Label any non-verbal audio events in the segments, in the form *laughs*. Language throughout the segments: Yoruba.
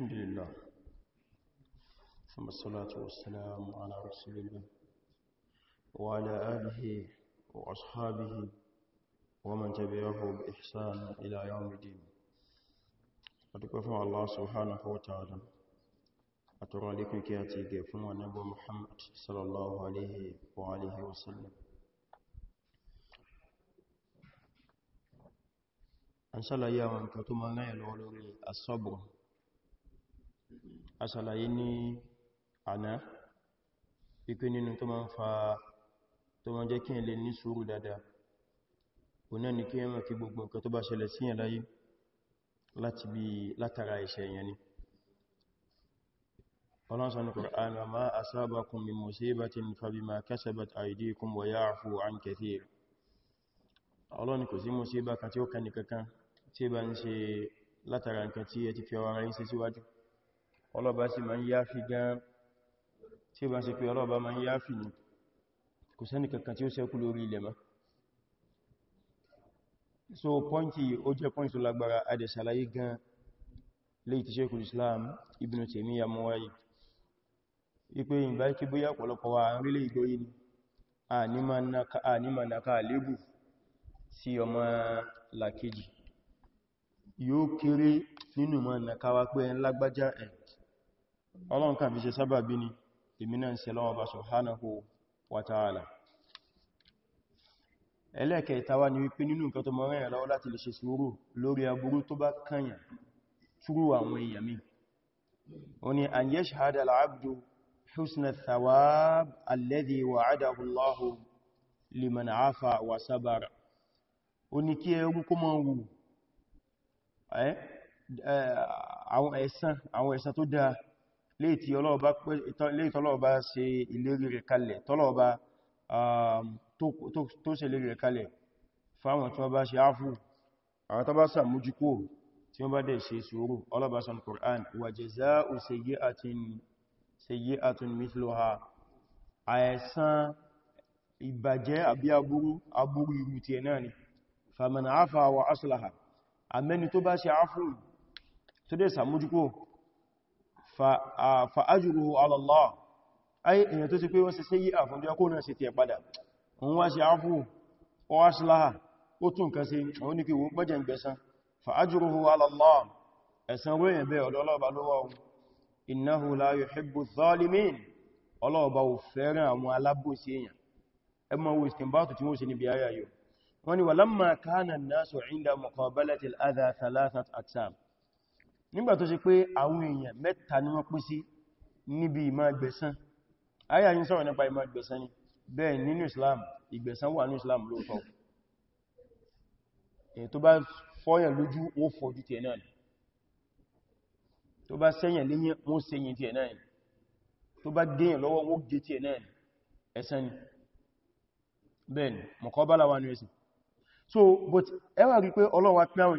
الحمد لله ثم الصلاة والسلام على رسول الله وعلى آله وأصحابه ومن تبعه بإحسان إلى يوم الدين أتكفى الله سبحانه وتعالى أترى لك كياتي فما نبو محمد صلى الله عليه وآله وسلم أنسى الله يا من كتما نعي الولوري الصبر asàlàyé ní àná ipé nínú tó máa ń fa tó máa jẹ́ kí ilé ní sùúrù dáadáa kò náà ni kí ẹ mọ̀ kí gbogbo nǹkan tó bá ṣẹlẹ̀ sí yẹn láyé láti bí látara iṣẹ́ yẹn ni ọlọ́sàn Qur'an wa ma asabakum min musibatin fabima kasabat sí ẹ ọlọ́ba sí ma ń yá fi gan tí ó bá ṣe pé ọlọ́ba ma ń yá fi ní kò sẹ́ni kankan tí ó ṣẹ́kù lórí ilẹ̀ ma so pọ́ntì ó jẹ́ pọ́ntì tó lágbára adẹ̀ ṣàlàyé gan léyìí tí Sheikhul Islam Ibn Taymiyyah mú wáyé ipé ìgbà kí bóyá ni àníma naka àlébù sí ọmọ làkejì yóò kéré nínú mọ́ naka pé ẹn lágbájá ẹ̀ ọlọ́run kan fi ṣe sábàbí ni èmi náà ń ṣe lọ́wọ́ bá subhanahu wa ta'ala ẹlẹ́ẹ̀kẹta wá ní wípé nínú nǹkan tó mọ́rin ẹ̀lọ́wọ́ láti lè ṣe sùúrù lórí aburú tó bá kànyà túrú àwọn èèyàn mi ó ní an yashhada al-abdu husna thawab alladhi àwọn ẹ̀san tó dáa léètí ọlọ́ọ̀bá ṣe ìlérí rẹ̀ kalẹ̀ tọ́lọ̀ọ̀bá um, tó ṣe lérí rẹ̀ kalẹ̀ fáwọn tí wọ́n bá ṣe áfù àwọn tó bá sàmójúkò tí wọ́n bá dẹ̀ ṣe sùúrù ọlọ́ọ̀bá sọ ní Qur'an wa jazā'u sayyi'atin sayyi'atun mithluhā àẹ̀san ìbàjẹ́ àbí aburú aburú irú ti ẹ̀ fa'ajúruhu alọ́lọ́ ayé èyàn tó ti pé wọ́n ṣe sí yí àfúnjú ọkó náà ṣe ti ẹ̀ padà òun wá ṣe áfú ọwá ṣláhà ó tún kan sí òun ní kí wọ́n gbọ́jẹ̀ ń gbẹ̀san fa'ajúruhu alọ́lọ́ ẹ̀san wéyàn bẹ́ ọ̀dọ̀ ọlọ́ọ̀bá lọ́wọ́ innahu wọ́n nígbà tó ṣe pé àwọn èèyàn mẹ́ta ni wọ́n pín sí níbi ìmá gbẹ̀san ayà yìí sọ̀rọ̀ nípa ìmá gbẹ̀san ni bẹ́ẹ̀ nínú Islam ìgbẹ̀san wà ní Islam lóòtọ́ tó bá fọ́yàn lójú ó fọ́jú tiẹ̀ náà ni tó bá sẹ́yàn léyìn ó sẹ́yìn tiẹ̀ náà ni tó bá gẹ́yàn lọ́wọ́ ó gẹ́ tiẹ̀ so but ẹwà rí pé Ọlọ́run pín àwọn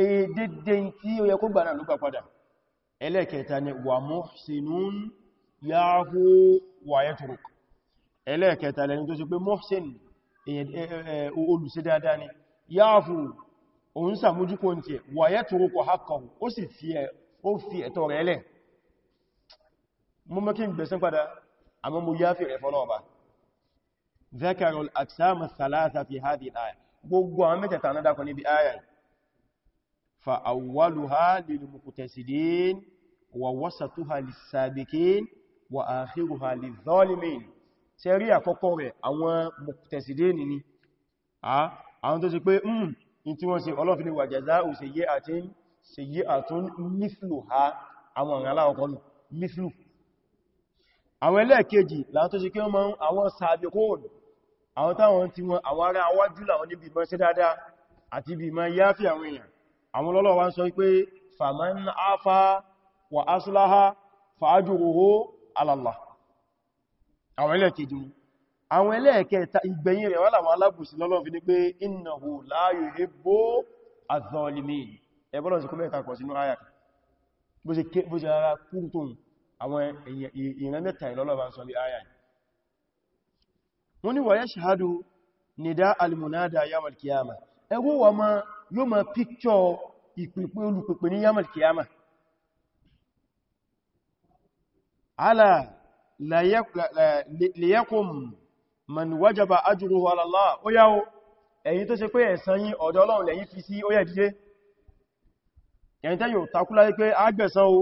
èdèdè tí ó yẹ kó gbà náà ló gbà padà ẹlẹ́ẹ̀kẹta ni wà muhsinun yáhú wà yatruk ẹlẹ́ẹ̀kẹta lẹni tó sì pé dáadáa ni yáhú òun sàmójúkò ní tiẹ̀ wà yatruk haqqahu ó sì fi ẹ̀tọ́ rẹ̀ lẹ̀ ọba gbogbo àwọn mẹ́tẹ̀ta náà dákọ̀ níbi فأولها للمقتسدين ووسطها للسابقين وآخرها للظالمين sẹ́rí àkọ́kọ́ rẹ̀ àwọn mọ̀kútẹ̀sìdéni ni àwọn tó sì pé mún hmm, in tí wọ́n ṣe ọlọ́fin wà jẹ́zá ò ṣe yé àti ṣe yé àtún nífìlù ha àwọn ìrànlá ọkọ̀ nù nífìlù àwọn ẹlẹ́ẹ̀kejì láwọn tó sì pé àwọn sàbẹ̀kóòdù àwọn táwọn tí wọn àwọn lọ́lọ́ wa ń sọ pé faman afa wa aslaha fa ajruhu ala Allah àwọn ẹlẹ́ẹ̀kejì mú àwọn ẹlẹ́ẹ̀kẹta ìgbẹ̀yìn rẹ̀ wà láwọn alábùsí lọ́lọ́ fi ní pé innahu la yuhibbu adh-dhalimin ẹbọ́lọ̀ sí kọmẹ́ta ẹwọ́ wà má yóò má píkṣọ́ ìpèpè olùpèpè ní yamal kiyama ala liyakum man wajaba ajruhu Allah ó yáwó ẹ̀yin tó ṣe pé ẹ̀san yín ọ̀dọ̀ Ọlọ́run lẹ́yìn fi sí ó yẹ díje ẹ̀yin tẹ́yìn ò takú láyé pé agbẹ̀san o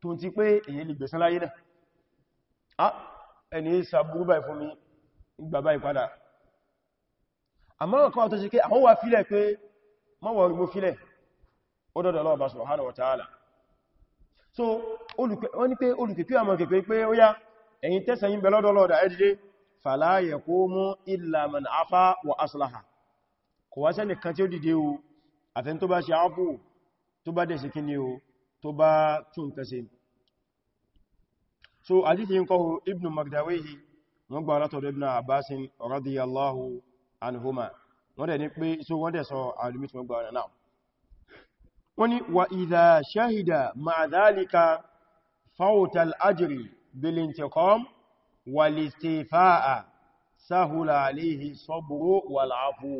tó ti pé èyí lè gbẹ̀san láyé náà ẹni sàbúrú báyìí fún ìpadà àmọ́ kan tó ṣe pé àwọn wà fílẹ̀ pé mọ́wọ̀ mo fílẹ̀ ó dọ́dọ̀ lọ́wọ́ bá subhanahu wa ta'ala so wọ́n ni pé olùkèkú àmọ́ kèkè pé ó yá ẹ̀yin tẹ́sẹ̀ yín bẹ̀lọ́dọ̀ lọ́dà ẹ́dìdé fala yaqumu wọ́n gbà látọ̀dọ̀ Ibn Abbasin radiyallahu anhuma wọ́n dẹ̀ ní pé so wọ́n dẹ̀ sọ alimi tí wọ́n gbà náà wọ́n ni wa idha shahida ma'a dhalika fawta al-ajri bil-intiqam wal-istifa'a sahula alayhi sabru wal-'afu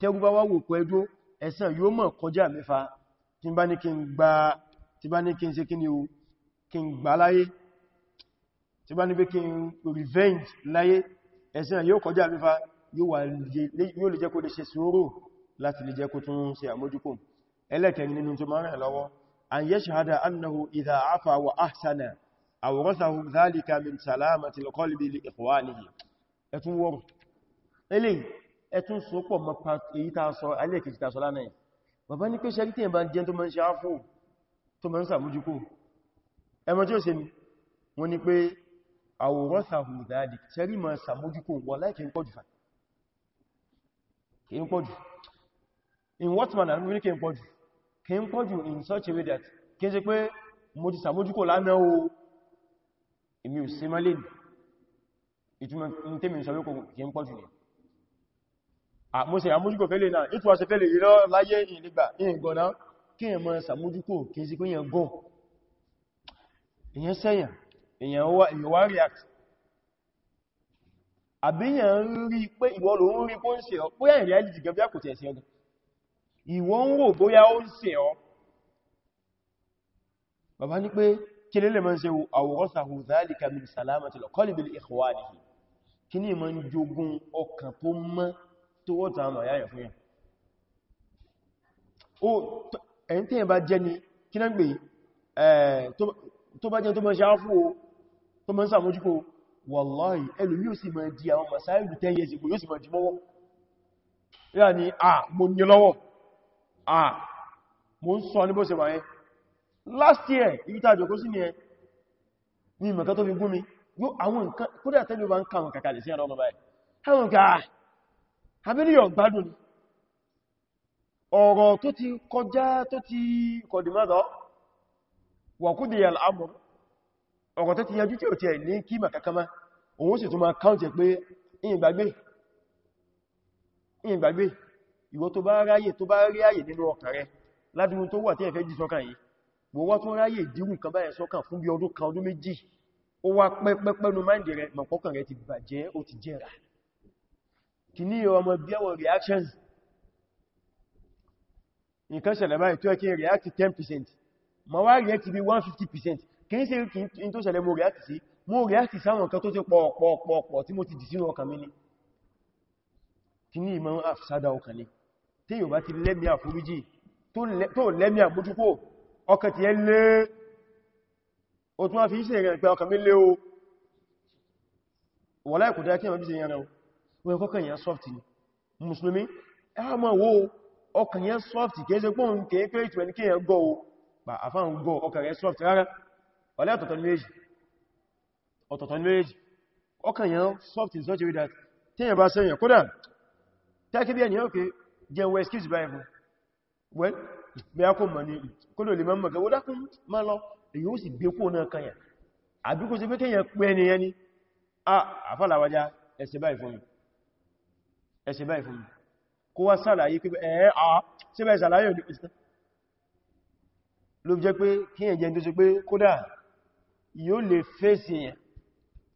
tẹ́gbù wá wò pẹ́jú ẹ̀sẹ̀ yóò mọ̀ kọjá mẹ́fà tí bá ní kí n gbà kí ni o kí n gbà láyé tí bá ní pé kí n revenge láyé ẹ̀sẹ̀ yóò kọjá mẹ́fà yóò lè jẹ́ kó lè ṣe sùúrù láti lè jẹ́ kó tún ṣe àmójúkò ẹlẹ́kẹ̀ẹ́ nínú tó máa rìn lọ́wọ́ an yashhada annahu idha afa wa ahsana awrasahu dhalika min salamati alqalbi li ikhwanihi ẹtún wọ́rù ilé ẹtún sọpọ̀ mọ́pa èyí ta sọ alẹ́kẹ̀ẹ́ ta sọ lánàá bàbá ní pé ṣe rí tí ẹ̀bá sàmójúkò wọ́n ní ń pọ̀jù fàá kìí pọ̀jù in what manner ní kìí pọ̀jù kìí pọ̀jù in such a way that kìí ṣe pé mo ti sàmójúkò lánàá o èmi ò sí mọ́lẹ̀ ìtumọ̀ tẹ́mi sọ wípò kìí pọ̀jù ni mo ṣe àmójúkò fẹ́lẹ̀ náà ìtù àṣẹ fẹ́lẹ̀ ìrọ́ láyé ìnigbà ìgbọ̀nà kí èmọ̀ sàmójúkò kìí sí pé èyàn gọ́ èyàn sẹ́yàn èyàn wá react àbíyàn ń rí pé ìwọ ló ń rí kó ń ṣe ọ́ pé ẹ̀rìn reality gẹ́bí àkùtẹ̀ ẹ̀sẹ̀ ọdún ìwọ ń wò bóyá ó ń ṣe ọ́ bàbá ní pé kí lè mọ́ ṣe awrathahu dhalika min salamati al-qalbi li ikhwanihi kí ní mọ́ jogun ọkàn tó mọ́ tó wọ́ta àmà yáyẹ̀ wallahi ẹlùmí ò sì máa di àwọn masáìlù tẹ́yẹ sí kò yóò sì máa di mọ́wọ́ yà ní à mo ní lọ́wọ́ à mo ń sọ ní bó wà yẹn last year ibi tàjọ kó sí ni ẹ ní ìmọ̀ká tó fi gún mi yóò àwọn nǹkan kódà tẹ́lú bá ń kàwọn kàkàlẹ̀ sí àwọn ọmọ báyìí àwọn kàá abílíọ̀ ọ̀rọ̀ tó ti yanjú tí ò ti ẹ̀ ní kí mà kàkàmá òun sì tún máa káùntẹ̀ pé ìyìngbàgbé ìwọ tó bá ráyè tó bá rí àyè nínú ọkàn rẹ ládùn tó wà tí ẹ fẹ́ jí sọ́kàn yìí wọ́wọ́ tó ráyè dírù kan báyẹ̀ sọ́kàn fún bí ọdún kan ọdún méjì ó wá pẹ́pẹ́pẹ́nu máìndì rẹ mọ̀pọ̀kàn rẹ ti bàjẹ́ ó ti jẹ́ra kì ní ọmọ bí ẹwọ reactions nǹkan ṣẹlẹ̀ báyìí tó ẹkí react 10% ma wá react bí 150% kìí ṣe in tó ṣẹlẹ̀ mo react sí mo react sáwọn kan tó ti pọ̀ pọ̀ pọ̀ pọ̀ tí mo ti dì sínú ọkàn mi ni kí ní ìmọ̀ àfisádà ọkàn ni tí yóò bá ti lẹ́mí àforíjì tó lẹ́mí àmójúkò ọkàn ti ẹ lé o tún wá fi ṣe ìrìn pé ọkàn mi lé o ni mùsùlùmí ẹ máa wo ọkàn yẹn soft wọlé ọ̀tọ̀tọ̀ méjì ọ̀tọ̀tọ̀ méjì ọkàn yẹn soft in such a way that tíyàn bá sẹ́yìn kódà tẹ́kí bí ẹni ókè jẹun wẹ́ skills báyìí fún bí a kò mọ̀ ní kódò lè mọ́ mọ̀gẹ́ wọ́dákún má lọ èyí ó sì gbé kó náà kanyà àbí kó sí pé kíyàn pẹ́ ni yẹn ni àfàlàwájá ẹsẹ̀ báyìí fún mi ẹsẹ̀ báyìí fún mi kó wá sàlàyé pé ẹ̀ẹ́ à síbẹ̀ sàlàyé òdí pìsẹ́ ló jẹ́ pé kíyàn jẹ́ tó ṣe pé kódà yóò lè fèsì yẹn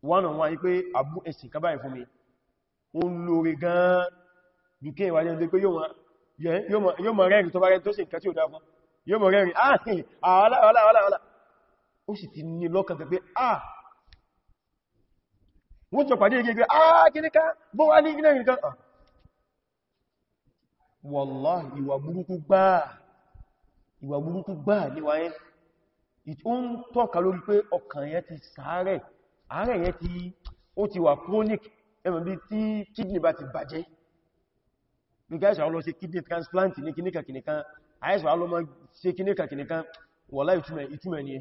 one on one pé àbú ẹ̀sìn kan báyìí fún mi ó ń lórí gan-an dùkẹ́ ìwàjẹ́ ìdẹ́ pé yóò mọ̀ rẹ́rìn tó bá rẹ́ tó sì kẹ́ tí ó dá fún yóò mọ̀ rẹ́rìn ààrìn àwọ́láwọ́láwọ́lá ó sì ti ah wọ́n jọ pàdé gẹ́gẹ́ ah kíníká bó wá ní ilẹ̀ nìkan wallahi ìwà ó ń tọ́ka lórí pé ọkàn yẹn ti sàárẹ̀ àárẹ̀ yẹn ti ó ti wà chronic ẹmọ̀ bí tí kidney bá ti bàjẹ́ bí gáìsà lọ ṣe kidney transplant ní kíníkàkíníkan àìsà lọ máa ṣe kíníkàkíníkan wọ̀lá ìtumẹ̀ ni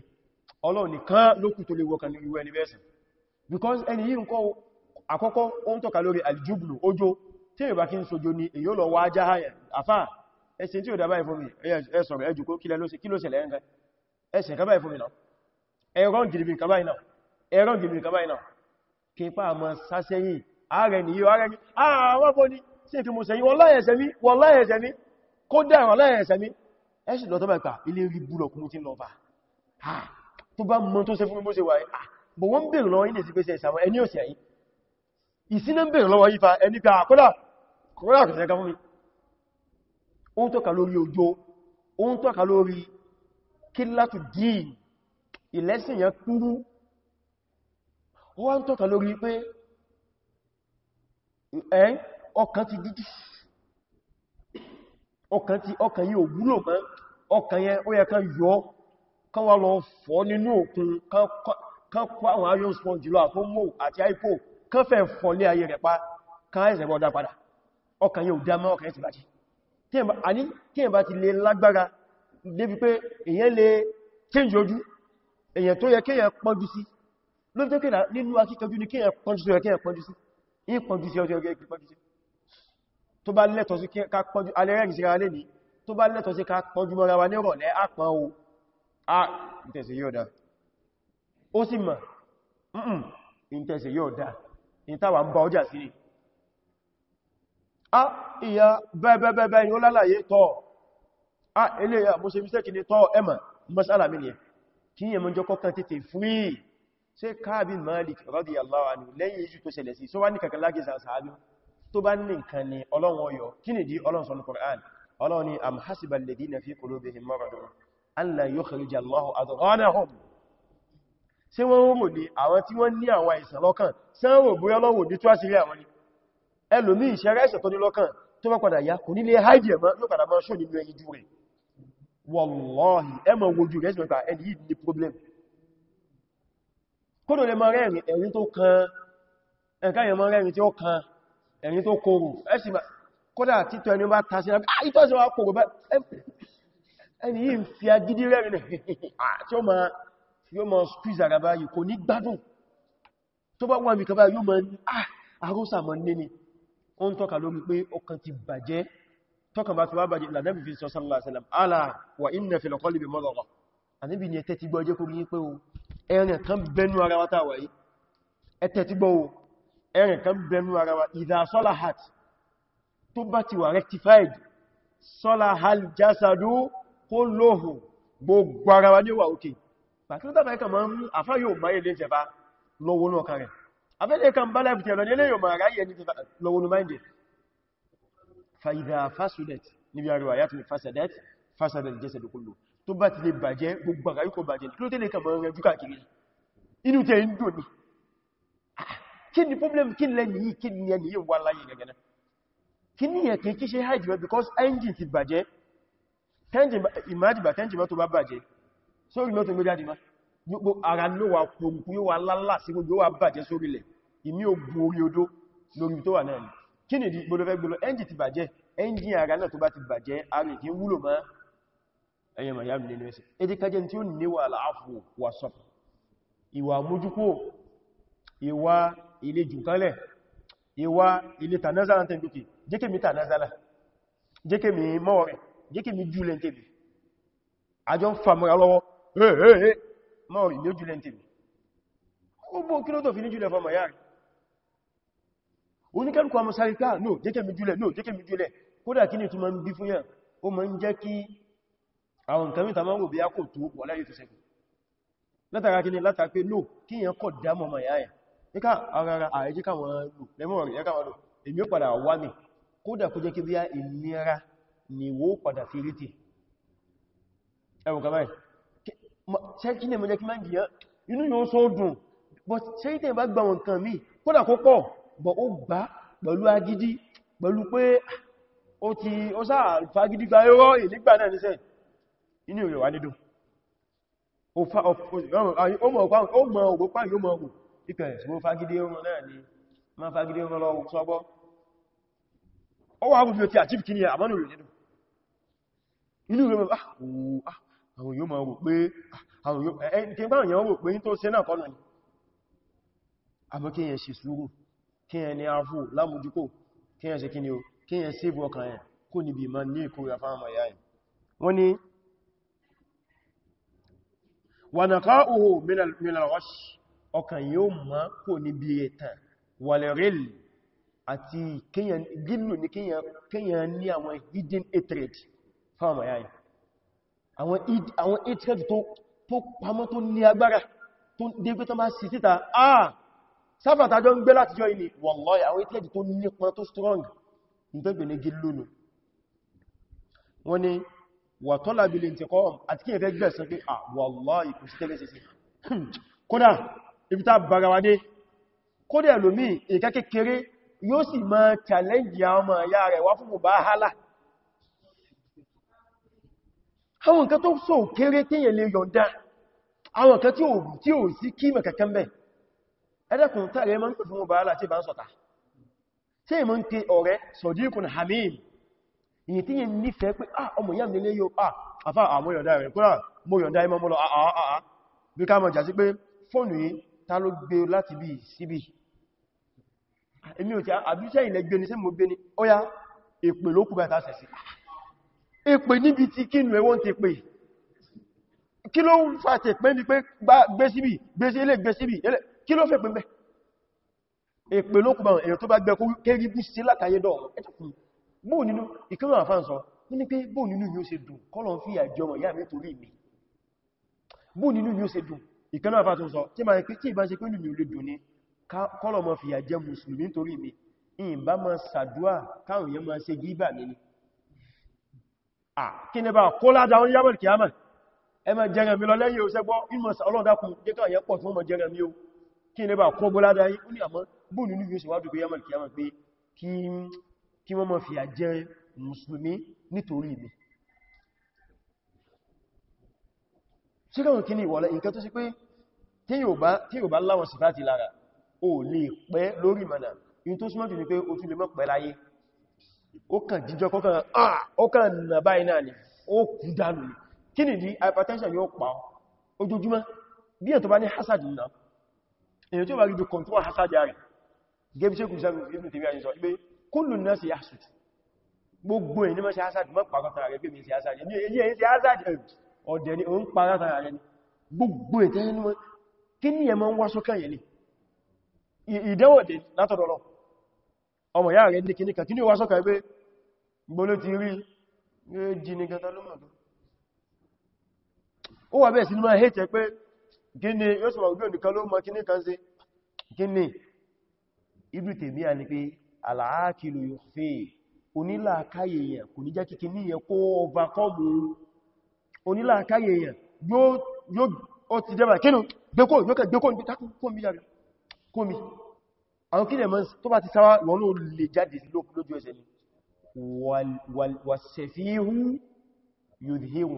because ẹni yìí ń kọ́ àkọ́kọ́ ó ń tọ́ka ojo tí ìbá kí ni èyí ó lọ wá jáháyà àfáà ẹ̀sìn tí ó dábáyé fún mi ẹ̀sọ̀rọ̀ ẹjù kó kí ló ṣẹlẹ̀ ẹsẹ̀ kaba ìfún mi náà ẹ̀rọ gìrìbìn kaba iná ẹ̀rọ gìrìbìn kaba iná kí pa àmọ́ sásẹ́yìn ààrẹ ni yíò ààrẹ ni àwọn bọ́ ni sí ìkí mo sẹ́yìn wallahi ẹ̀ṣẹ̀ mi wallahi ẹ̀ṣẹ̀ mi kó dẹ̀ wallahi mi ẹ̀ṣì lọ tó bá ìpà ilé rí búlọ̀ kún tí lọ bá tó bá mọ́ tó ṣe fún mi bó ṣe wà bọ̀ wọ́n bèèrè lọ́wọ́ ilé sí pèsè ìsàwọn ẹni ah, mi ó ń tọ́ka lórí ọjọ́ lórí kí látù dí ìlẹ́sìn yẹn kúrú ó wá ń tọ́ka lórí pé ẹ́n ọkàn ti dídí ọkàn ti ọkàn yìí ò wúlò mọ́ ọkàn yẹn ó yẹ kan yọ kan wá lọ fọ́ nínú òkun kan kó àwọn iron sponge lọ àfómò àti ipo kan fẹ́ fọ́ lé ayé rẹ̀ pa kan ẹ̀sẹ̀ bọ́ dá padà ọkàn yìí ò dá mọ́ ọkàn yẹn ti bàjẹ́ tí ẹ̀ bá ti lè lágbára débi pé èyàn lè change ojú èyàn tó yẹ kéyàn pọ́njú sí ló tó kéyàn nínú akíkanjú ní kéyàn pọ́njú sí kéyàn pọ́njú sí yí pọ́njú sí ọjọ́ ẹgbẹ́ pọ́njú sí tó bá lẹ́tọ̀ sí ká pọ́njú alẹ́rẹ́gì sí alẹ́ ní tó bá lẹ́tọ̀ sí ká pọ́njú mọ́ra wa ní o a ìtẹ̀sẹ̀ yóò dá ó sì mọ̀ ìtẹ̀sẹ̀ yóò dá ìtawà ń bá a ìyà bẹ́ẹ̀bẹ́ẹ̀bẹ́ẹ̀ ni ó lálàyé tọ́ ah ele ya ah, mo ṣe mistake ni to ema masala mi ni kí yẹn mo jo kokan tètè free ṣe kabin malik radiyallahu anhu lẹ́yìn iju tó ṣẹlẹ̀ sí so wa ni kankan lage sa sahabi tó bá ní nǹkan ni Ọlọ́hun oyo kíni di Ọlọ́hun sọ ní Qur'an Ọlọ́hun ni am hasiba alladhina fi qulubihim maradun an la yukhrij Allahu adghanahum ṣé wọ́n rò ní àwọn tí wọ́n ní àwọn àìsàn lọ́kàn san tó bá padà yá kò nílé haidi ẹ̀mọ́ yóò padà máa ṣò nínú ẹyin jú wallahi ẹmọ wojú rẹ̀ sí ọ̀pá ẹni yìí ní problem kódò lè mọ rẹ̀rin ẹ̀rin tó kan ẹ̀ká yẹ mọ rẹ̀rin tí ó kan ẹ̀rin tó kòrò ẹ̀sì kódà títọ́ ẹni bá tasí ah, ìtọ́sí wá kòrò bá ẹni yìí fi agídí rẹ̀rin *laughs* ah, tí ó máa yóò máa squeeze ara báyìí kò ní gbádùn tó bá wà mí kan báyìí yóò máa ní àrósà mọ́ nínú ó ń tọ́ka lórí pé ọkàn ti bàjẹ́ tọ́kàn bá ti wá bàjẹ́ ìlànàbì fi sallallahu alaihi wasallam ala wa inna fil qalbi maghra àníbì ni ẹ̀tẹ́ ti gbọ́ jẹ́ kó rí pé o ẹ̀rìn kan bẹnu ara wa tàwà yìí ẹ̀tẹ́ ti gbọ́ o ẹ̀rìn kan bẹnu ara wa idha salahat tó bá ti wà rectified salahal jasadu kulluhu gbogbo ara wa ní wà òkè pàtàkì فإذا فسدت نبي روايات من فسدت فسد الجسد كله tó bá ti lè bàjẹ́ gbogbo àgbà yíkọ̀ bàjẹ́ kí ló tẹ́lẹ̀ kàmọ̀ rẹ̀ jù káàkiri inú tẹ́ ń dùn ní kí ni problem kí lẹ́ nìyí kí ni ẹni yíò wà ni ẹ̀kẹ́ kí ṣe hajj because engine ti bàjẹ́ ìmájìbà tẹ́njìmọ́ tó bá bàjẹ́ sórí mọ́tò ló jáde má gbogbo ara ló wà pòrùkú yóò wà lálà sí gbogbo wà bàjẹ́ sórí kí ni di gbọ́dọ̀ fẹ́ gbọ́dọ̀ ẹ́njì ti bàjẹ́ ẹ́njì ara náà tó bá ti bàjẹ́ ara ìdí wúlò má ẹyẹ màá yàmì nínú ẹsẹ̀ ẹdí kájẹ́ tí ó níwà aláàfò wà sọ ìwà mójúkó ìwà ilé jùkánlẹ̀ ìwà ilé tanazala tẹ́ dókè jẹ́kẹ́ mi tanazala jẹ́kẹ́ mi mọ́rẹ̀ jẹ́kẹ́ mi jù lẹ́ntẹ́mi àjọ ń fa mọ́ra oníkẹ́lùkù ọmọ sáré ah, no jẹ́kẹ́ mi no jẹ́kẹ́ mi jùlẹ̀ kódà kí ni tó máa ń bí fún yàn ó máa ń jẹ́ kí àwọn nǹkan mìta máa ń wò bí ákò tó wà láyé tó sẹ́kù látara kí ni látara no kí yàn kọ̀ dámọ̀ ah, mọ̀ yáyà níká ara ààrẹ jẹ́ káwọn lò lẹ́mọ̀ rẹ̀ yẹ́ káwọn lò èmi ó padà ni wó padà fi rí ti ẹwùn kàmáì ṣe kí ni mo jẹ́ kí máa ń jìyàn but ṣe ìtẹ̀ bá gbà wọn kan kódà kó pọ̀ bọ̀ ó gbá pẹ̀lú agídí pẹ̀lú pé ah, ó ti ó sáà fagídí gba ẹwọ́ ìlígbà náà níṣẹ́ inú ìrẹ̀wà nídùn ó mọ̀ ògbó pàá yóò mọ̀ ògbó ìpẹ̀rẹ̀ sí ó fagídí ọmọ náà ni ma fagídí ọmọ lọ sọ́gbọ́ ó wà ábùfẹ́ ti àtíf kí ni àmọ́nù rẹ̀ nídùn inú rẹ̀ ah, ah, àwọn yóò mọ̀ rò pé àwọn yóò ẹni tí báwọn yẹn rò pé ní tó ṣe náà kọ́ náà ni àmọ́ kí yẹn ṣe sùúrù kí ẹ ní àfú lámójúkò kí ẹ ṣe kí ni o kí ẹ sèbò ọkàn ẹ kó níbi ma ní ìkórí afáàmà ya ẹ̀ wọ́n ni wànàká òhò mílàrọ́ṣ ọkàn yóò má kó níbi ẹ̀tàn wàlẹ̀rẹ́lì àti gílù ní kíyàn ní àwọn hidden hatred fáàmà ya ẹ̀ àwọn hatred tó pamọ́ sáfàtà jọ ń gbé láti jọ ilé wallahi àwọn ìtẹ́jì tó nípọn tó strong nítọ́gbẹ̀ ní gílónù wọ́n ni wà tọ́lá bí lè tẹ́kọ́ àti kí ẹ̀fẹ́ gbẹ̀ẹ́sẹ́ pé à ah, wallahi kò sí tẹ́lẹ̀ sí sí *clears throat* kódà challenge àwọn ọmọ rẹ̀ wá fún bá hálà àwọn nǹkan tó sọ kéré téèyàn lè yọ̀ǹda àwọn nǹkan tí ò sí kí mẹ̀kẹ̀kẹ́ mẹ́ ẹ̀dẹ́kùn tààrẹ mọ́ ń pè fún ọbaálà tí bá ń sọ̀tà tí èmọ́ ń pe ọ̀rẹ́ sọ̀díkùn hamim ìyìn tí yìí nífẹ̀ẹ́ pé ah ọmọ ìyá nílé yóò ah àfá àmóyọ̀dá rẹ̀ kúrò móyọ̀dá imọ́ mọ́lọ àà ah, ah, ah, bí ká mọ̀ jà sí pé fóònù yìí ta ló gbé láti bí síbí èmi ò tí mo gbé ní ọya èpè ló kú bá tàṣẹ̀ sí èpè níbi tí kínú ẹwọ́n ti pè kí ló fà tẹ̀ pé kí ló fẹ́ pín bẹ́ èpè ló kùbà èyàn tó bá gbẹ́ kérí bú sí látàyé dọ̀rọ̀ ẹ̀tàkùn bóò nínú ìkírò àfáà sọ ní pé bóò nínú yóò ṣe dùn kọ́lọ̀ fi àjọ ọmọ ìyá mi torí mi bóò nínú yóò ṣe dùn ìkírò àfáà tó sọ tí ma ń pé tí ìbá ṣe pé nínú olè dùn ní kọ́lọ̀ mọ́ fi àjẹ mùsùlùmí torí mi ìbá ma sàdúà káwọn yẹn ma ṣe gíbà mi ni kí ni bá kó ládá orí yábọ̀ kìámà ẹ ma jẹrẹ mi lọ lẹ́yìn òṣẹ́gbọ́ ìmọ̀ ọlọ́dàkùn jẹ́ káwọn yẹn pọ̀ tí wọ́n m'a jẹrẹ mi o kí ní bá kún bó ládá yìí ó ní àmọ́ bó nínú yóò ṣe wá dùkú yamal kiyama pé kí wọ́n mọ́ fi àjẹ́ mùsùlùmí nítorí mi ṣíkàwọn kí ní ìwọ̀lẹ̀ nǹkan tó sí pé tí yóò bá láwọn sífàtì lára ó lè pẹ́ lórí mana in tó súnmọ́ jù ní pé ó tún lè mọ́ pẹ́ láyé ó kàn jíjọ kọ́kàn ó kàn nà báyìí náà ni ó bí ẹ̀ tó bá ní hasad náà èyàn tí ó bá rí bí control hasada rẹ̀ gẹ́bí ṣe kùsà ìbìnú tèbí àyíṣọ́ pé kúlù náà sí hasad gbogbo ẹni mọ́ sí hasad mọ́ pàrátà rẹ̀ pé mi sí hasad ní èyí èyí sí hasad ọ̀dẹ̀ ni ó ń pàrátà rẹ̀ ni gbogbo ẹ̀tẹ́ inú wọn kí ní ẹmọ ń wá sókàn yẹ̀ ni ìdẹ́wọ̀dẹ̀ látọ̀dọ̀lọ́ ọmọ yára rẹ̀ ní kíníkà kí ní wá sókàn pé gbọ́lọ́ ti rí jí ní gata lọ́mọ̀ ó gíní yóò sọ̀rọ̀ ojú òníkan ló mọ́ kíní kan sí gíní ibi tèmí a ní pé aláàkìlò yóò fẹ́ onílàákáyè yẹn kò ní jẹ́ kíkí ní yẹn kó ọba kọ́bù onílàákáyè yẹn yóò ti jẹba kínú gbẹ́kọ́ yóò gbẹ́kọ́ níbi takú kómi yàrí kómi àwọn kí lẹ́mọ́ tó bá ti sáwá wọn ló lè jáde lójú ẹsẹ̀ ni wàṣẹ̀fíhú yóò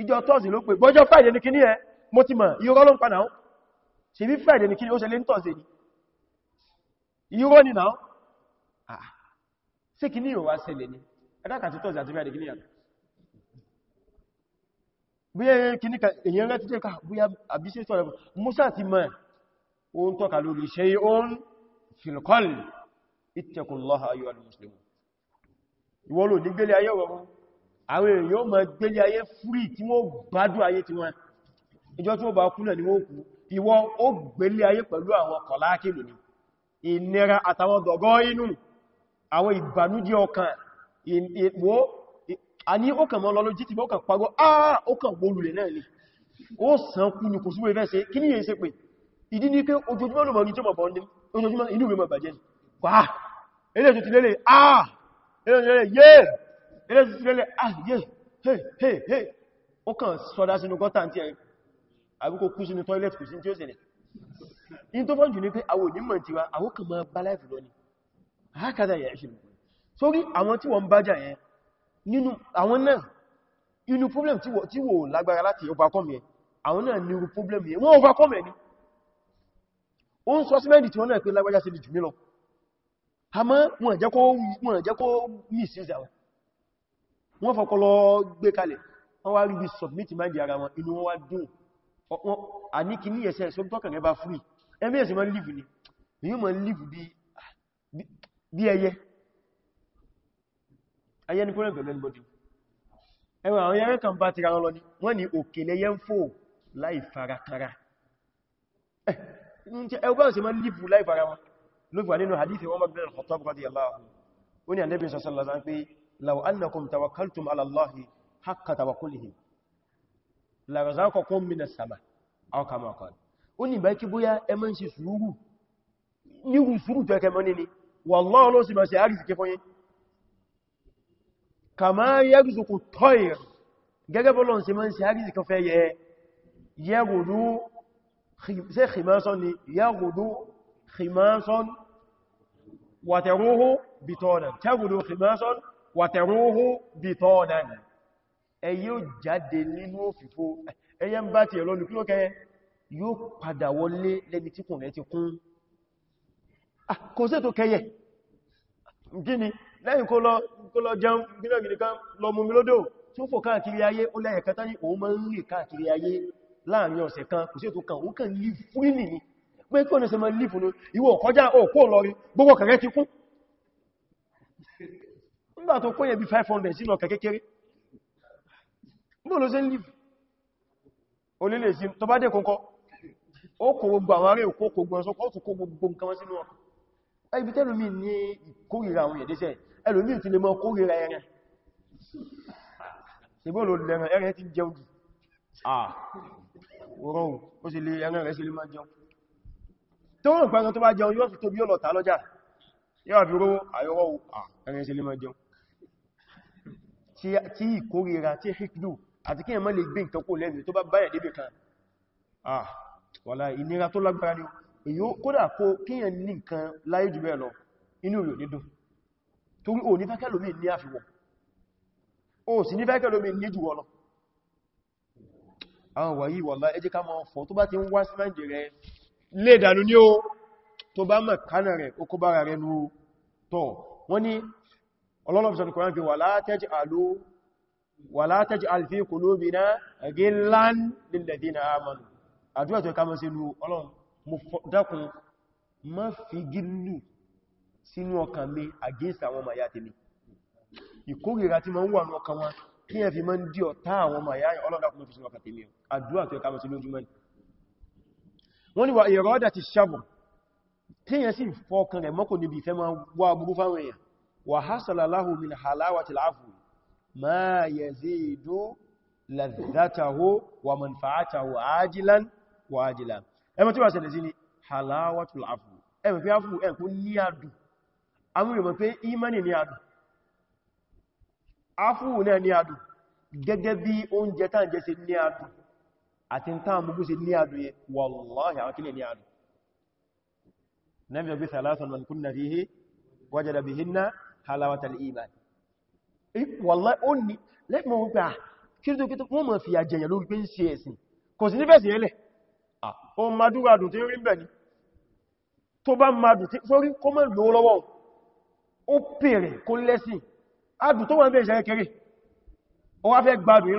ìjọ tọ́sì ló pè bọ́jọ́ friday ní kíní ẹ mo ti mọ̀ irọ́ ló ń padà ọ́n ṣe bí friday ní kíní ó ṣe lé ní tọ́sì ní irọ́ ni náà ah sí kíní ìrọ̀wà ṣẹlẹ̀ ni adákàtí tọ́sì àti friday kíní yàtọ̀ bóyá kíní ka èyàn rẹ̀ ti jẹ́ ká bóyá àbíṣẹ́ sọ̀rọ̀ musa ti mọ̀ ó ń tọ́ka lórí ṣe òun filkọ́lì ittaqullaha ayyuhal muslimun ìwọ́lò nígbélé ayé ọ̀rọ̀ àwọn èèyàn yóò máa gbélé ayé free tí wọ́n gbádùn ayé tí wọ́n ìjọ tí wọ́n bá kú náà ni wọ́n kú ìwọ ó gbélé ayé pẹ̀lú àwọn kọ̀láàkìlù ni ìnira àtàwọn gọ̀gọ́ inú àwọn ìbànújẹ́ ọkàn ìwọ a ní ó kàn mọ́ lọ ah ó kàn gbólulẹ̀ náà ni ó sàn kú ní kò súwé fẹ́ ṣe kí ní èsẹ́ pé ìdí ní pé ojoojúmọ́ lò mọ́ ti lélẹ̀ ah eléjò ti ilé ti sílẹ̀ ah yé hey hey hey ó kàn sọ́dá sínú gọ́ta tí ẹ̀yìn àbíkò kú sínú toilet kù sí tí ó sì rẹ̀ in tó fọ́njù ní pé àwọn onímọ̀ ti wá àwọn kan máa bá láìfì lọ́ni hákàdà yà ṣe sórí àwọn tí wọ́n bájà yẹn nínú àwọn náà inú problem tí wò lágbára láti overcome yẹn àwọn náà ní problem yẹn wọ́n overcome yẹn ni ó ń sọ símẹ́ndì tí wọ́n náà pé lágbájá sí lè jù mí lọ àmọ́ wọ́n fọ́kọ́lọ́ gbé kalẹ̀ wọ́n wá rí bí submit mind ara wọn inú wọn wá dùn àníkì ní ẹ̀ṣẹ́ sọ́gbọ́kàn rẹ bá free ẹmí ẹ̀ṣẹ́ mọ́ live ni èyí mọ́ live bí ẹyẹ ayẹ́ ní problem pẹ̀lú anybody ẹwà àwọn yẹ́rẹ́ kan bá ti ra lọ ní wọ́n ni òkè lẹ́yẹ ń fò láì farakara ẹgbẹ́ ṣe mọ́ live láì fara wọn ló fi wà nínú hadith wọn mọ́ bí لو أنكم توكلتم على الله حق توكله لرزقكم من السماء أو كما قال ó ní báyìí kí bóyá ẹ máa ń ṣe sùúrù níwù sùúrù tó ẹkẹmọ́ ní ni wallahi ló sì máa ṣe àrísìkí fún yín kama yarzuqu at-tayr gẹ́gẹ́ bọ́lọ́ sí máa ń ṣe àrísìkí fẹ́ yẹ yaghdu ṣe khimasan ni yaghdu khimasan wa taruhu bitanan yaghdu khimasan wàtẹ̀rúhú bí tọ́ọ̀nà ẹ̀yí ó jáde nínú òfìfo ẹyẹ ń bá ti ẹ̀lọ́ lù kí ló kẹ́yẹ yóò padà wọlé lẹ́ni tí kùn rẹ̀ ti kún kò sí ètò kẹyẹ gíní lẹ́yìn kó lọ jẹun gínàgínì kan lọ mú mi lódò tí ó fò káàkiri ayé ó lẹ́yìn kẹta ní òun máa ń rí káàkiri ayé láàrin ọ̀sẹ̀ kan kò sí ètò kan òun kàn lè fúrí nìyí pé kí ó ní ṣe máa lè fún ìwọ̀ nígbà tó kó yẹ bí 500 sínú ọkà kékeré bóòlò sí ń lìfù olílè sí tó bá dé kọ́kọ́ ó kò gbogbo àwọn ará òkú kò gbọ́n sókó tó kó gbogbo nǹkan wọn sínú ọkà ẹbí tẹ́lùmí ní kórìíra àwọn èdèṣẹ́ ẹlòmí ti lè mọ́ kórìíra ẹran ìbóòlò lẹ́ran ẹran ti jẹun jù ah rọrùn ó sì lè ẹran rẹ̀ sí lè máa jẹun tó wọ́n pẹ̀rẹ̀ tó bá jẹun yóò sì tóbi yóò lọ tà lọ́jà yóò àbí rówó àyọwọ́ ẹran sí lè máa jẹun tí ìkórira tí hikdu àti kí ẹmọ́ lè gbé nǹkan kó lẹ́nu tó bá báyẹ̀ débì kan ah wàlá ìnira tó lágbára ni èyí kódà kó kíyàn ní nǹkan láyé jù bẹ́ẹ̀ lọ inú rẹ̀ nídùn torí o ní fẹ́ kẹ́lómi ní àfiwọ̀ o sì ní fẹ́ kẹ́lómi ní jù wọ́lọ àwọn wàyí wàlá ẹ jẹ́ ká mọ́ fọ́ tó bá ti ń wá sí mẹ́jẹ̀ ní ọlọ́lọ́ fi kọ̀rán pé wà látẹ́jì alfí kulubina gillan lilladhina amanu àdúwà tó ká mọ́ sínú ọlọ́run mo dákun má fi gílù sínú ọkàn mi against àwọn maya tèmi ìkórìíra tí ma ń wà ní ọkàn wọn kí ẹ fi ma ń dí ọ̀tá àwọn maya ọlọ́run dákun má fi sínú ọkàn tèmi àdúwà tó ká wọ́n ni wà ìrọ́dà ti ṣàbùn tí yẹn sì fọ́ọ̀kan mọ́kò níbi ìfẹ́ ma wá burú fáwọn èèyàn وحصل له من حلاوة العفو ما يزيد لذته ومنفعته عاجلا واجلا ẹmọ tí wà sẹlẹ̀ sí ni halawatul afu ẹmọ pé afu ẹkù ní àdù àwọn ìmọ̀ pé imani ní àdù afu náà ní àdù gẹ́gẹ́ bí oúnjẹ tàn jẹ́ sí ní àdù àti tàn mú sí ní àdù yẹ wallahi àwọn kílẹ̀ ní àdù halawata al-iman eh, wallahi ó ní lẹ́gbọ́n wọn pé à kírítò kírítò wọ́n mọ̀ fi àjẹyàn lórí pé ń ṣe ẹ̀sìn kò sí nífẹ̀ẹ́sì ẹlẹ̀ o madúradùn tí ń rí bẹ̀ ni tó bá madù tí sórí kó mọ̀ lò lọ́wọ́ ó pèrè kó lẹ́sìn adù tó wọ́n bẹ́ ìṣẹ́ kéré ó wá fẹ́ gbádùn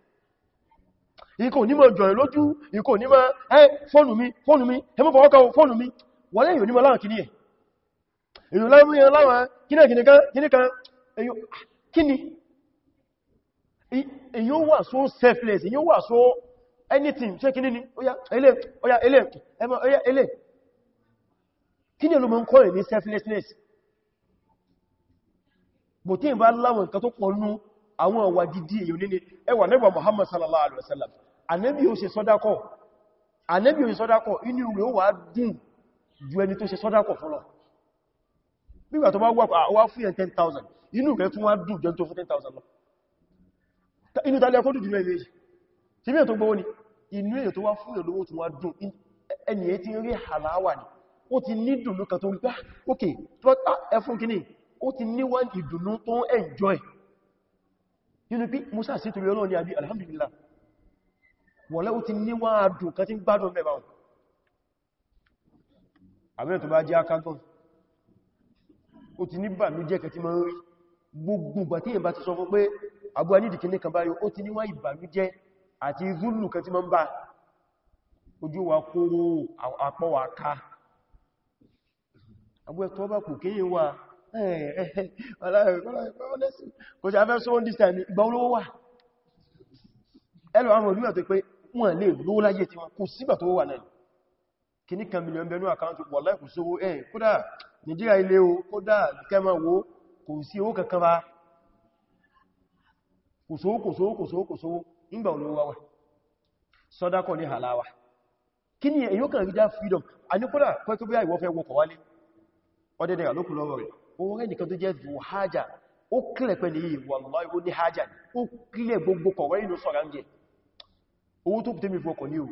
ikò onímọ̀ jọ̀yìn lójú ikò onímọ̀ ẹ fóònù mi fóònù mi ẹmọ́ fọwọ́kọ́ fóònù mi wọ́n lẹ́yìn onímọ̀ láwọn kìíní ẹ̀ èyàn láwọn èyàn láwọn kíní kìníkan kíníkan èyàn kíní èyàn wà so selfless èyàn wà so anything ṣe ni oya ele oya ele ẹmọ oya ele kíní ló mọ́ ń kọ́ ẹ̀ ní selflessness bò tí ìbá láwọn nǹkan tó pọ̀ nú àwọn ọ̀wà gidi èyàn níní ẹwà nẹ́gbà Muhammad sallallahu alaihi wasallam ànábì ó ṣe sọ́dákọ̀ ànábì ó ṣe sọ́dákọ̀ inú rẹ̀ ó wà dùn ju ẹni tó ṣe sọ́dákọ̀ fún lọ nígbà tó bá wà fún yẹn 10,000 inú rẹ̀ tún wá dùn jẹun tó fún 10,000 lọ inú tàlẹ́ ọkọ́ dùn jù mẹ́rin èyí tí mẹ́ tó gbọ́wọ́ ni inú èyí tó wá fún yẹn lówó tún wá dùn ẹni èyí ti rí hàláwà ni ó ti ní dùnú kan tó rí pá ókè ah, tó bá ah, ẹfún kìíní ó ti ní wọ́n ìdùnú tó ń enjoy inú pí musa sí torí ọlọ́ ni àbí alhamdulillah wọ̀lẹ́ ó ti níwá àdùn kan tí ń gbádùn mẹ́bà wọn àmì tó bá jẹ́ akágọ́n ó ti níbà ló jẹ́ kẹtí máa ń rí gbogbo àti èyàn bá ti sọ fún pé agbó anídì kìíní kan báyọ ó ti níwá ìbànújẹ́ àti ìrúlù kan tí máa ń bá ojú wa kóró àpọ̀ wa ká agbó ẹ̀tọ́ bá kò kéyìn wa kò sí afẹ́ sóhún dìstà ìgbà olówó wà ẹlò àwọn pé wọ́n lè ló láyé tí wọ́n kò si tó wà náà kì ní kan mílíọ̀n bẹnu àkáǹtì wà láìkù sówó ẹ̀ kódà Nàìjíríà ilé o kódà kẹma wo kò sí owó kankan bá kò sówó kò halawa ni freedom a ní kódà pẹ́kọ́ bí ìwọ fẹ́ wọkọ̀ wálé ọdẹ́dẹ̀ ó kílẹ̀ pẹ̀lú yìí wà ní hajjá gbogbo kọ̀wẹ́ inú sọ̀rọ̀ owó tó tẹ́mì fún ọkọ̀ ní o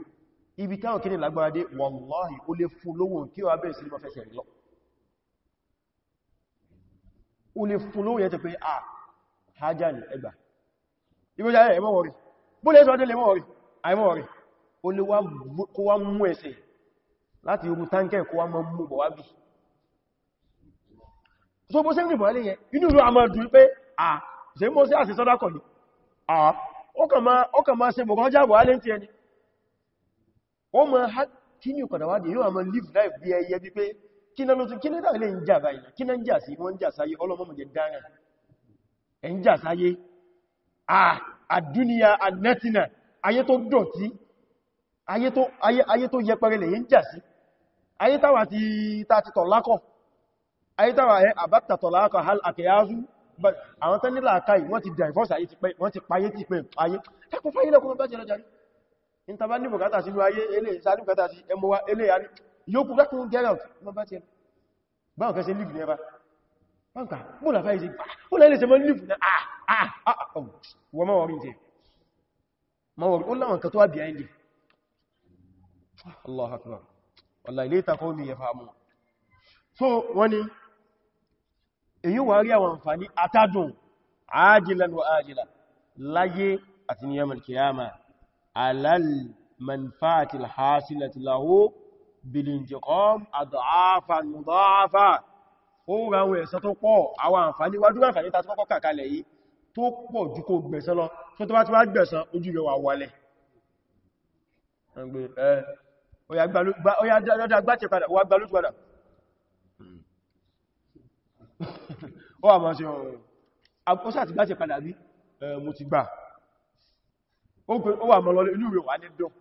ibi táwọn kí ní lágbára dé wàláhì ó lè fún lówó kí o abẹ́rẹ̀ sí ní mọ́fẹ́sẹ̀ rí lọ ó lè fún lówó yẹn tẹ́ pé ah, à hajjá ní ẹgbà ibójá ẹ̀ mọ́ wọ̀rí bó lè sọ́dẹ́ lè mọ́ wọ̀rí àìmọ́ wọ̀rí ó lè kó wá mú ẹsẹ̀ láti ogun táńkẹ̀ kó wá mọ́ mú bọ̀ wá bì so bó sẹ́ ń rìn bọ̀ wá lè yẹn inú ìlú àmọ́ dùn à ah, ṣe mọ́ sí àṣìsọ́dákọ̀ ó kàn máa ṣe mọ̀kàn jáàbò á lẹ́ntì ẹni ó ma ha kí ní ọkọ̀dà wádìí yóò àmà live life bí ẹyẹ bí pé kí náà lótú kí náà lè ń jà báyìí kí náà ń jà sí wọ́n ń jà sáyé ọlọ́mọ̀mọ̀jẹ̀ dára ẹ̀ ń jà sáyé àdúnìyà ànẹ́tìnà ayé tó dọ̀tí ayé tó yẹpẹrẹ lè ń jà sí but àwọn tán nílà àkáì wọ́n ti divorce ayé ti pẹ́ wọ́n ti payé ti pẹ́ ayé tẹ́kùn fáyé lẹ́kùn bá jẹ́rọ jàrí in ta bá ní bùkátà sínú ayé ilé ìsáàdì bùkátà sí ẹmọwa ilé yàrí yóò dákùn get out wọ́n bá jẹ́rọ báwọn kẹsẹ̀ leave never báńkà mú làfá ìsẹ́ ó lẹ́lẹ́ sẹ mọ́ leave na wọ́n mọ́ wọ́n tẹ́ mọ́ wọ́n ó láwọn kan tó wà behind it Allah akbar wallahi later call me ya fahimu so wani èyí wà rí àwọn àǹfàní àtàdùn ajilan wa ajila láyé àti ní yamal kiyama alal manfaati alhasilati lahu bilintiqam adhaafa mudhaafa ó ra àwọn ẹ̀san tó pọ̀ àwọn àǹfàní wájú àǹfàní ta kọ́kọ́ kàkalẹ̀ yìí tó pọ̀ jù kó gbẹ̀san lọ tó tó bá ti wá gbẹ̀san ojú rẹ̀ wà wálẹ̀ ó ó wà máa ṣe ọ̀rọ̀ àkọ́sà ti gbáṣẹ̀ padà bí mo ti gbà ó wà máa lọlé inú rẹ̀ wà nẹ́dọ̀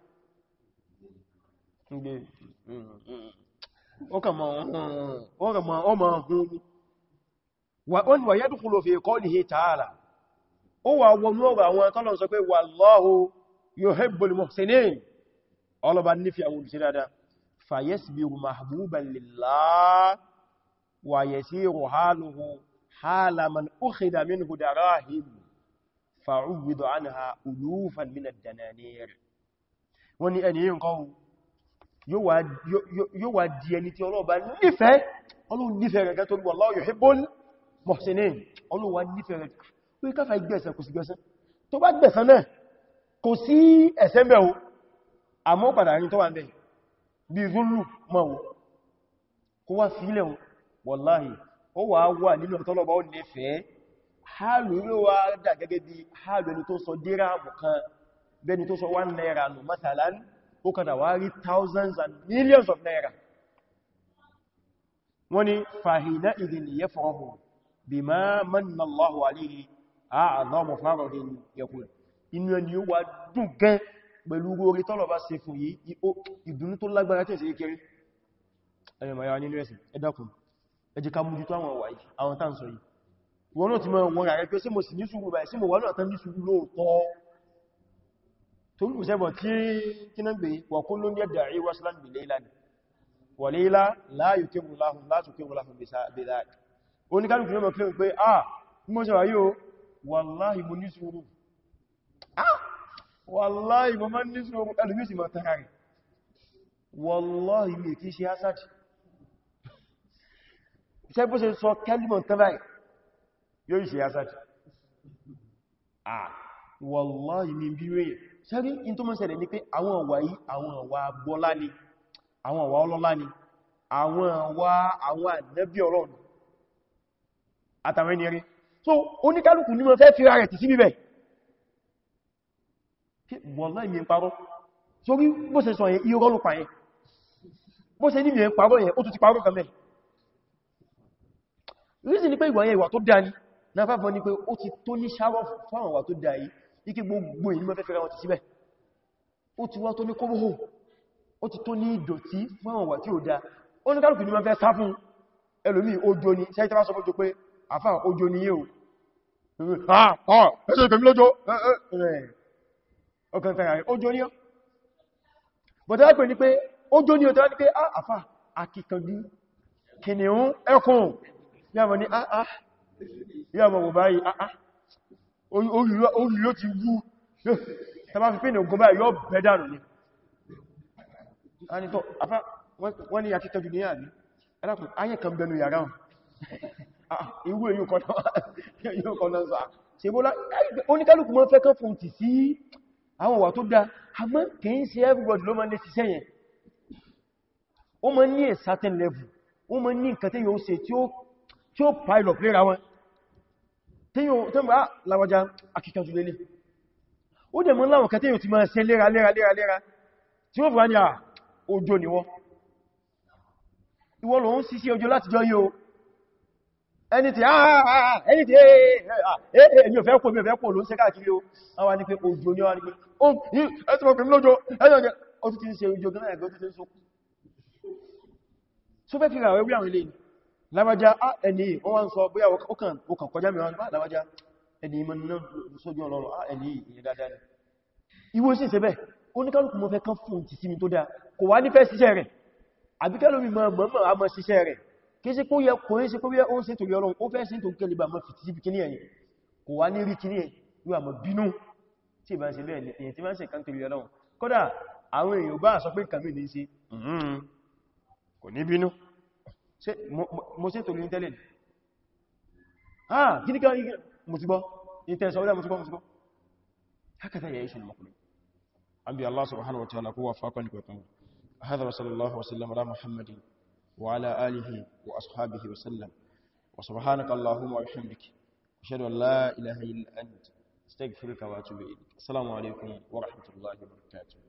wọ́n wà yẹ́dùkúlò fi kọ́ ní tààlà ó wà wọnú ọgbà àwọn tọ́lọ̀ sọ pé wallahu yuhibbul muhsinin ọlọ́bà nífẹ́ àwọn olùsẹ́ dáadáa fayasbiru mahbuban lillah wa yasiru haluhu حال من أخذ منه دراهم فعوض عنها ألوفا من الدنانير wọ́n ní ẹni yínkọ́ yóò wà di ẹni tí ọlọ́ọ̀bá nífẹ́ ọlọ́ọ̀ nífẹ́ rẹ̀ tó gbọ́ Allahu yuhibbul muhsinin ọlọ́ọ̀wà nífẹ́ rẹ̀ tó yí káfà gbẹ̀sẹ̀ kò sí gbẹ̀sẹ̀ tó bá gbẹ̀sẹ̀ náà kò sí ẹ̀ṣẹ̀ bẹ̀ o àmọ́ padà rí tó wà bẹ̀ bí zullu mọ́ o kó wá sílẹ̀ wallahi ó wà wà nínú tọ́lọ̀bá ó nífẹ̀ẹ́ hálù yóò wá dà gẹ́gẹ́ bí hálù ẹni tó sọ díráàmù kan bẹni tó sọ 1 naira nù matalan ó kàdà wá rí thousands and millions of naira wọ́n ni fàhìnà idhin yafrahu bima manna Allahu alayhi a'dhamu farahin yaqul inú ẹni yóò wá dùn gan pẹ̀lú orí tọ́lọ̀bá ṣe fún yìí ìdùnnú tó lágbára tí ẹ̀sẹ̀ kékeré ẹ̀yẹ̀mọ̀ ya nínú ẹ̀sìn ẹ̀dàkùn ẹjẹ́ ká mújú tó àwọn wà yìí àwọn tán sọ yìí wọ́n náà ti mọ́ wọn rẹ̀ pé sí mo sì ní sùúrù báyìí sí mo wọ́n náà tán ní sùúrù lóòtọ́ tó ń gùsẹ́bọ̀ tí kí náà gbé wà kún ló ní ẹ̀dà rí wọ́sílá ní ilé ìlànà wà lé ilá láàyò kébù láhùn látò kébù láhùn ṣe wà ẹlùmí sì mọ̀ tẹ́ra rẹ̀ wàláhì mi kìí ṣe hásàdì ṣe bó ṣe sọ kẹlìmọ̀ tán báyìí yóò ṣe yásàtì ah wallahi ní bí rẹ̀ ṣẹ́rí in tó mọ́ ṣẹlẹ̀ ní pé àwọn ọ̀wà yìí àwọn ọ̀wà bọ́lá ni àwọn ọ̀wà ọlọ́lá ni àwọn ọ̀wà àwọn ànábì Ọlọ́run so oníkálùkù ní mọ́ fẹ́ fi rẹ̀ tì sí bíbẹ̀ wallahi mi ń parọ́ sórí bó ṣe sọ yẹn irọ́ ló pa yẹn bó ṣe ní mi ń parọ́ yẹn ó tún ti parọ́ reason ni pé ìwà yẹn ìwà tó dáa ni na fáfọ́ ni pé ó ti tó ní ṣáwọ́ fáwọn ìwà tó dáa yìí ike gbogbo èyí mọ́fẹ́ fẹ́ra wọn ti síbẹ̀ ó ti wá tó ní kóbóhò ó ti tó ní ìdọ̀tí fáwọn ìwà tí ó dáa ó ní kálùkù ní mọ́fẹ́ sá fún ẹlòmí ojo ni sẹ́yí tẹ́fà sọpọ̀ tó pé àfà ojo ni yíò ojo ni ó tẹ́wà ní pé àfà akíkanjú kìnnìún ẹkùn yàmọ̀ ní àá ah, ah. yàmọ̀ wò báyìí àá ah, orí ló ti wú tàbá fi pínlẹ̀ ogun báyìí yóò bẹ̀dànù ní ànìtọ́ wọ́n ni àti tọ́jú ní àrí ẹlákùn ayé kan bẹnu yàrá ìwú *laughs* èyí kọ́nà sáà ṣe bó lá oníkálùkù mọ́ fẹ́ kán fún ti sí àwọn wà tó dá a mọ́ kìí sí everybody ló mọ́ lè ṣiṣẹ́ yẹn ó mọ́ ní nǹkan tí yóò ṣe tí ó tí ó pile up léra wọn tí yíò tó mọ́ láwọjá akíkan jù lélé ó dẹ̀ mọ́ láwọn kẹtẹ́ yóò ti máa ṣe léra léra léra léra tí ó fà ní à ojò ni wọ́n ìwọ ló ń sisi ojò láti jọ yíò ẹni tí ẹni tí èmi ò fẹ́ pò mi ò fẹ́ pò ló ń ṣe káàkiri o àwọn ni pé ojò ni wọ́n ni pé ẹ̀sùn mọ̀ pẹ̀lú lójò ẹ̀sùn ó ti ti ń ṣe ojò gánà ẹ̀gọ́ ti ti ń sókú lábájá ah, ẹni wọ́n wá ń sọ bóyá ọkàn kọjá mẹ́wàá bá ah, lábájá ẹni ìmọ̀ náà sójú ọlọ́rọ̀ ah, ẹni ìyẹn dáadáa ni Iwo sí ìsẹ́bẹ̀ oníkálùkù mọ́ fẹ́ kán fún ti sími tó dáa kò wá ní fẹ́ ṣiṣẹ́ rẹ̀ àbíkẹ́lómi mọ́ mọ́ àmọ́ ṣiṣẹ́ rẹ̀ kí sí kó yẹ kò ń sí kó yẹ ó ń sí torí ọlọ́run ó fẹ́ sí tó kẹ́lẹ̀ bá mọ́ fìtì síbi kò ní bínú mo tó tòlù tẹ́lẹ̀ ah gíníkà mùsùgbọ́ intensa orí mùsùgbọ́ mùsùgbọ́ hakata ya iṣu al-maqlub an bi Allah subhanahu wa ta'ala ni kwakwan hada wa sallallahu wa sallam ala muhammadin wa ala alihi wa ashabihi an bí ilaha illa anta astaghfiruka wa atubu ilayk assalamu wa rahmatullahi wa barakatuh